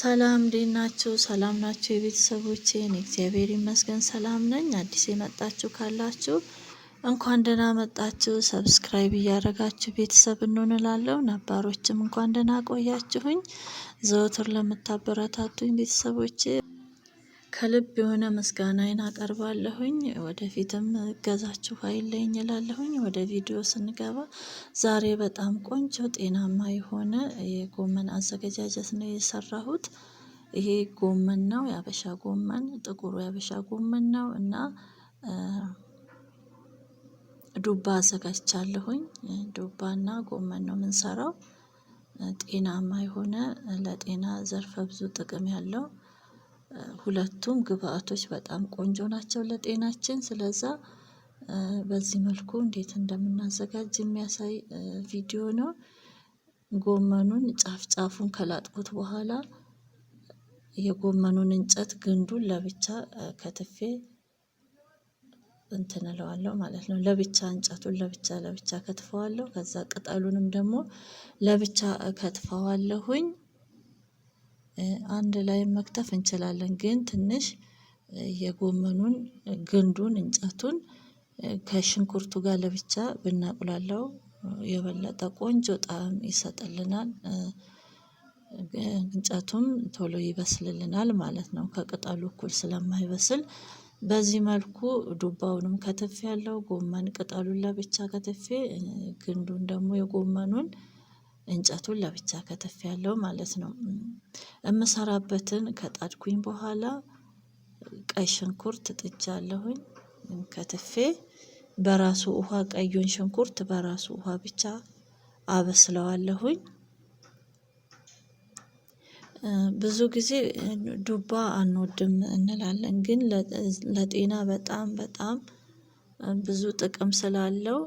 ሰላም እንዴት ናችሁ? ሰላም ናችሁ? የቤተሰቦቼ እኔ እግዚአብሔር ይመስገን ሰላም ነኝ። አዲስ የመጣችሁ ካላችሁ እንኳን ደህና መጣችሁ። ሰብስክራይብ እያደረጋችሁ ቤተሰብ እንሆንላለው። ነባሮችም እንኳን ደህና ቆያችሁኝ። ዘወትር ለምታበረታቱኝ ቤተሰቦቼ ከልብ የሆነ ምስጋናዬን አቀርባለሁኝ። ወደፊትም እገዛችሁ አይለኝ እላለሁኝ። ወደ ቪዲዮ ስንገባ ዛሬ በጣም ቆንጆ ጤናማ የሆነ የጎመን አዘገጃጀት ነው የሰራሁት። ይሄ ጎመን ነው የአበሻ ጎመን፣ ጥቁሩ የአበሻ ጎመን ነው እና ዱባ አዘጋጅቻለሁኝ። ዱባና ጎመን ነው የምንሰራው። ጤናማ የሆነ ለጤና ዘርፈ ብዙ ጥቅም ያለው ሁለቱም ግብአቶች በጣም ቆንጆ ናቸው ለጤናችን። ስለዛ በዚህ መልኩ እንዴት እንደምናዘጋጅ የሚያሳይ ቪዲዮ ነው። ጎመኑን ጫፍ ጫፉን ከላጥኩት በኋላ የጎመኑን እንጨት ግንዱን ለብቻ ከትፌ እንትን እለዋለሁ ማለት ነው። ለብቻ እንጨቱን ለብቻ ለብቻ ከትፈዋለሁ። ከዛ ቅጠሉንም ደግሞ ለብቻ ከትፈዋለሁኝ። አንድ ላይ መክተፍ እንችላለን ግን ትንሽ የጎመኑን ግንዱን እንጨቱን ከሽንኩርቱ ጋር ለብቻ ብናቁላለው የበለጠ ቆንጆ ጣዕም ይሰጥልናል። እንጨቱም ቶሎ ይበስልልናል ማለት ነው። ከቅጠሉ እኩል ስለማይበስል በዚህ መልኩ ዱባውንም ያለው ጎመን ቅጠሉን ለብቻ ከትፌ ግንዱን ደግሞ የጎመኑን እንጨቱን ለብቻ ከተፍ ያለው ማለት ነው። እምሰራበትን ከጣድኩኝ በኋላ ቀይ ሽንኩርት ጥጃለሁኝ ከትፌ በራሱ ውሃ ቀዩን ሽንኩርት በራሱ ውሃ ብቻ አበስለዋለሁኝ። ብዙ ጊዜ ዱባ አንወድም እንላለን፣ ግን ለጤና በጣም በጣም ብዙ ጥቅም ስላለው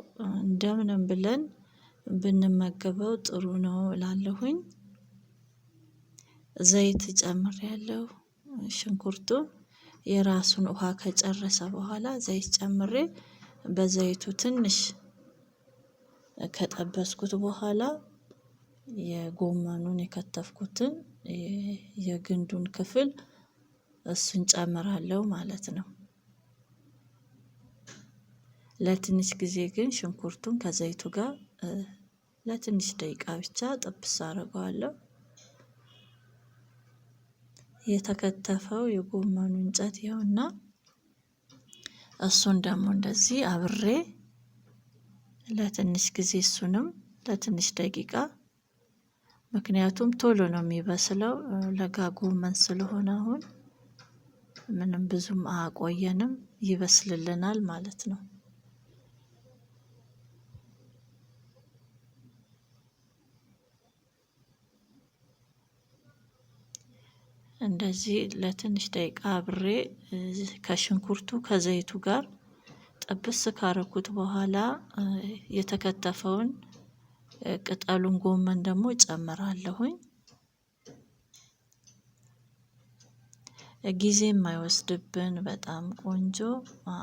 እንደምንም ብለን ብንመገበው ጥሩ ነው እላለሁኝ። ዘይት ጨምሬያለሁ ሽንኩርቱን የራሱን ውሃ ከጨረሰ በኋላ ዘይት ጨምሬ በዘይቱ ትንሽ ከጠበስኩት በኋላ የጎመኑን የከተፍኩትን የግንዱን ክፍል እሱን ጨምራለሁ ማለት ነው። ለትንሽ ጊዜ ግን ሽንኩርቱን ከዘይቱ ጋር ለትንሽ ደቂቃ ብቻ ጥብስ አድርገዋለሁ የተከተፈው የጎመኑ እንጨት ይኸውና፣ እሱን ደግሞ እንደዚህ አብሬ ለትንሽ ጊዜ እሱንም ለትንሽ ደቂቃ ምክንያቱም ቶሎ ነው የሚበስለው ለጋ ጎመን ስለሆነ አሁን ምንም ብዙም አያቆየንም፣ ይበስልልናል ማለት ነው። እንደዚህ ለትንሽ ደቂቃ አብሬ ከሽንኩርቱ ከዘይቱ ጋር ጥብስ ካረኩት በኋላ የተከተፈውን ቅጠሉን ጎመን ደግሞ ጨምራለሁኝ። ጊዜ የማይወስድብን በጣም ቆንጆ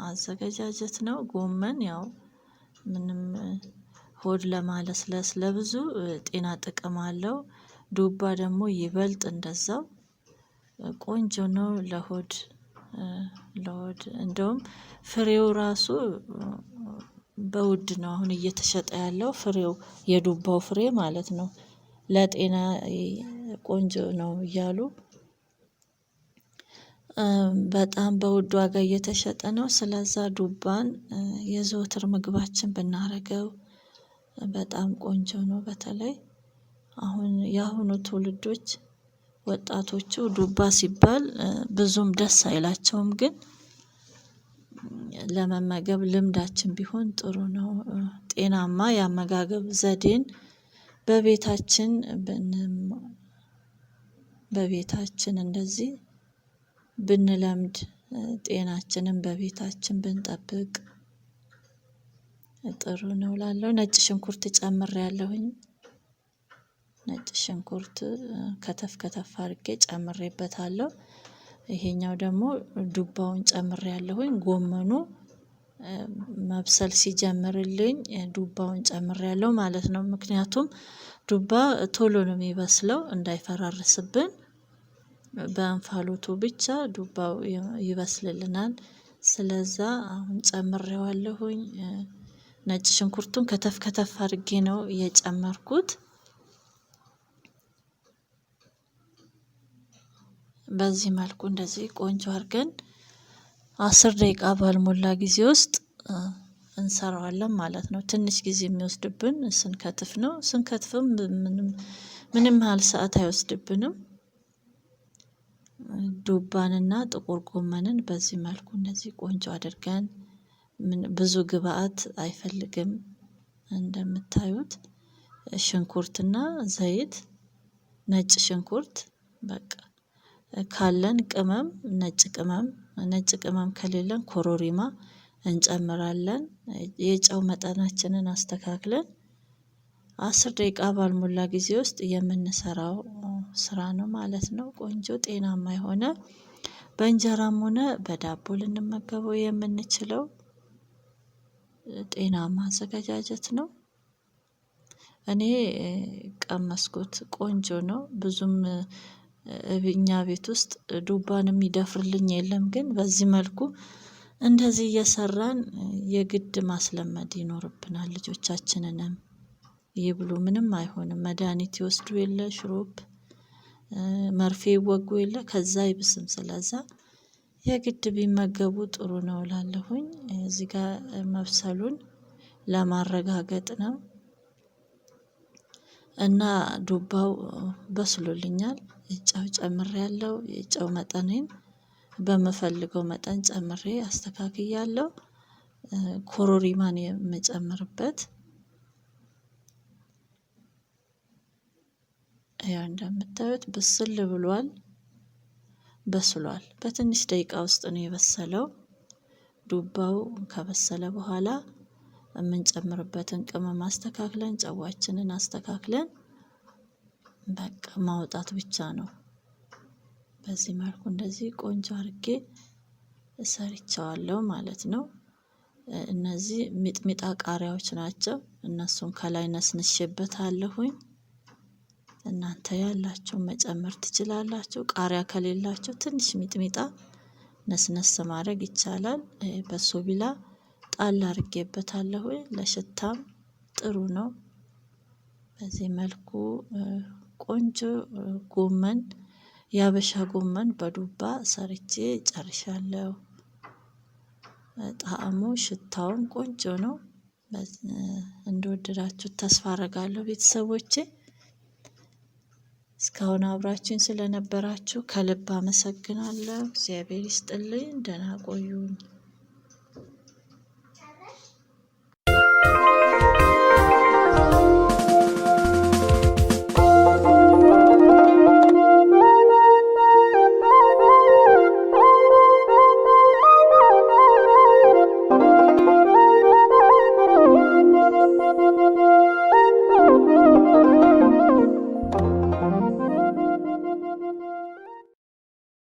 አዘገጃጀት ነው። ጎመን ያው ምንም ሆድ ለማለስለስ ለብዙ ጤና ጥቅም አለው። ዱባ ደግሞ ይበልጥ እንደዛው ቆንጆ ነው ለሆድ ለሆድ እንደውም ፍሬው ራሱ በውድ ነው አሁን እየተሸጠ ያለው ፍሬው የዱባው ፍሬ ማለት ነው። ለጤና ቆንጆ ነው እያሉ በጣም በውድ ዋጋ እየተሸጠ ነው። ስለዛ ዱባን የዘወትር ምግባችን ብናደርገው በጣም ቆንጆ ነው። በተለይ አሁን የአሁኑ ትውልዶች ወጣቶቹ ዱባ ሲባል ብዙም ደስ አይላቸውም ግን ለመመገብ ልምዳችን ቢሆን ጥሩ ነው። ጤናማ የአመጋገብ ዘዴን በቤታችን በቤታችን እንደዚህ ብንለምድ ጤናችንን በቤታችን ብንጠብቅ ጥሩ ነው ላለው ነጭ ሽንኩርት ያለሁኝ ነጭ ሽንኩርት ከተፍ ከተፍ አድርጌ ጨምሬበታለሁ። ይሄኛው ደግሞ ዱባውን ያለሁኝ ጎመኑ መብሰል ሲጀምርልኝ ዱባውን ያለው ማለት ነው። ምክንያቱም ዱባ ቶሎ ነው የሚበስለው እንዳይፈራርስብን በእንፋሎቱ ብቻ ዱባው ይበስልልናል። ስለዛ አሁን ጨምሬዋለሁኝ። ነጭ ሽንኩርቱን ከተፍ ከተፍ አድርጌ ነው የጨመርኩት በዚህ መልኩ እንደዚህ ቆንጆ አድርገን አስር ደቂቃ ባልሞላ ጊዜ ውስጥ እንሰራዋለን ማለት ነው። ትንሽ ጊዜ የሚወስድብን ስንከትፍ ነው። ስንከትፍም ምንም ያህል ሰዓት አይወስድብንም። ዱባንና ጥቁር ጎመንን በዚህ መልኩ እንደዚህ ቆንጆ አድርገን ብዙ ግብአት አይፈልግም። እንደምታዩት ሽንኩርትና ዘይት፣ ነጭ ሽንኩርት በቃ ካለን ቅመም ነጭ ቅመም ነጭ ቅመም ከሌለን ኮሮሪማ እንጨምራለን። የጨው መጠናችንን አስተካክለን አስር ደቂቃ ባልሞላ ጊዜ ውስጥ የምንሰራው ስራ ነው ማለት ነው። ቆንጆ ጤናማ የሆነ በእንጀራም ሆነ በዳቦ ልንመገበው የምንችለው ጤናማ አዘገጃጀት ነው። እኔ ቀመስኩት ቆንጆ ነው ብዙም እኛ ቤት ውስጥ ዱባን የሚደፍርልኝ የለም። ግን በዚህ መልኩ እንደዚህ እየሰራን የግድ ማስለመድ ይኖርብናል ልጆቻችንንም። ይህ ብሎ ምንም አይሆንም። መድኃኒት ይወስዱ የለ ሽሮፕ መርፌ ይወጉ የለ ከዛ ይብስም። ስለዛ የግድ ቢመገቡ ጥሩ ነው ላለሁኝ። እዚህ ጋር መብሰሉን ለማረጋገጥ ነው። እና ዱባው በስሎልኛል። ጨው ጨምሬ ያለው የጨው መጠኔን በምፈልገው መጠን ጨምሬ አስተካክያለሁ። ኮሮሪማን የምጨምርበት ያው እንደምታዩት ብስል ብሏል። በስሏል። በትንሽ ደቂቃ ውስጥ ነው የበሰለው። ዱባው ከበሰለ በኋላ የምንጨምርበትን ቅመም አስተካክለን ጨዋችንን አስተካክለን በቃ ማውጣት ብቻ ነው። በዚህ መልኩ እንደዚህ ቆንጆ አድርጌ ሰርቻዋለሁ ማለት ነው። እነዚህ ሚጥሚጣ ቃሪያዎች ናቸው እነሱን ከላይ ነስንሼበታለሁኝ። እናንተ ያላችሁ መጨመር ትችላላችሁ። ቃሪያ ከሌላችሁ ትንሽ ሚጥሚጣ ነስነስ ማድረግ ይቻላል። በሶ ቢላ ጣል አድርጌበታለሁ ለሽታም ጥሩ ነው። በዚህ መልኩ ቆንጆ ጎመን የሀበሻ ጎመን በዱባ ሰርቼ ጨርሻለሁ። ጣዕሙ ሽታውም ቆንጆ ነው። እንደወደዳችሁ ተስፋ አደርጋለሁ ቤተሰቦቼ። እስካሁን አብራችሁኝ ስለነበራችሁ ከልብ አመሰግናለሁ። እግዚአብሔር ይስጥልኝ። ደህና ቆዩኝ።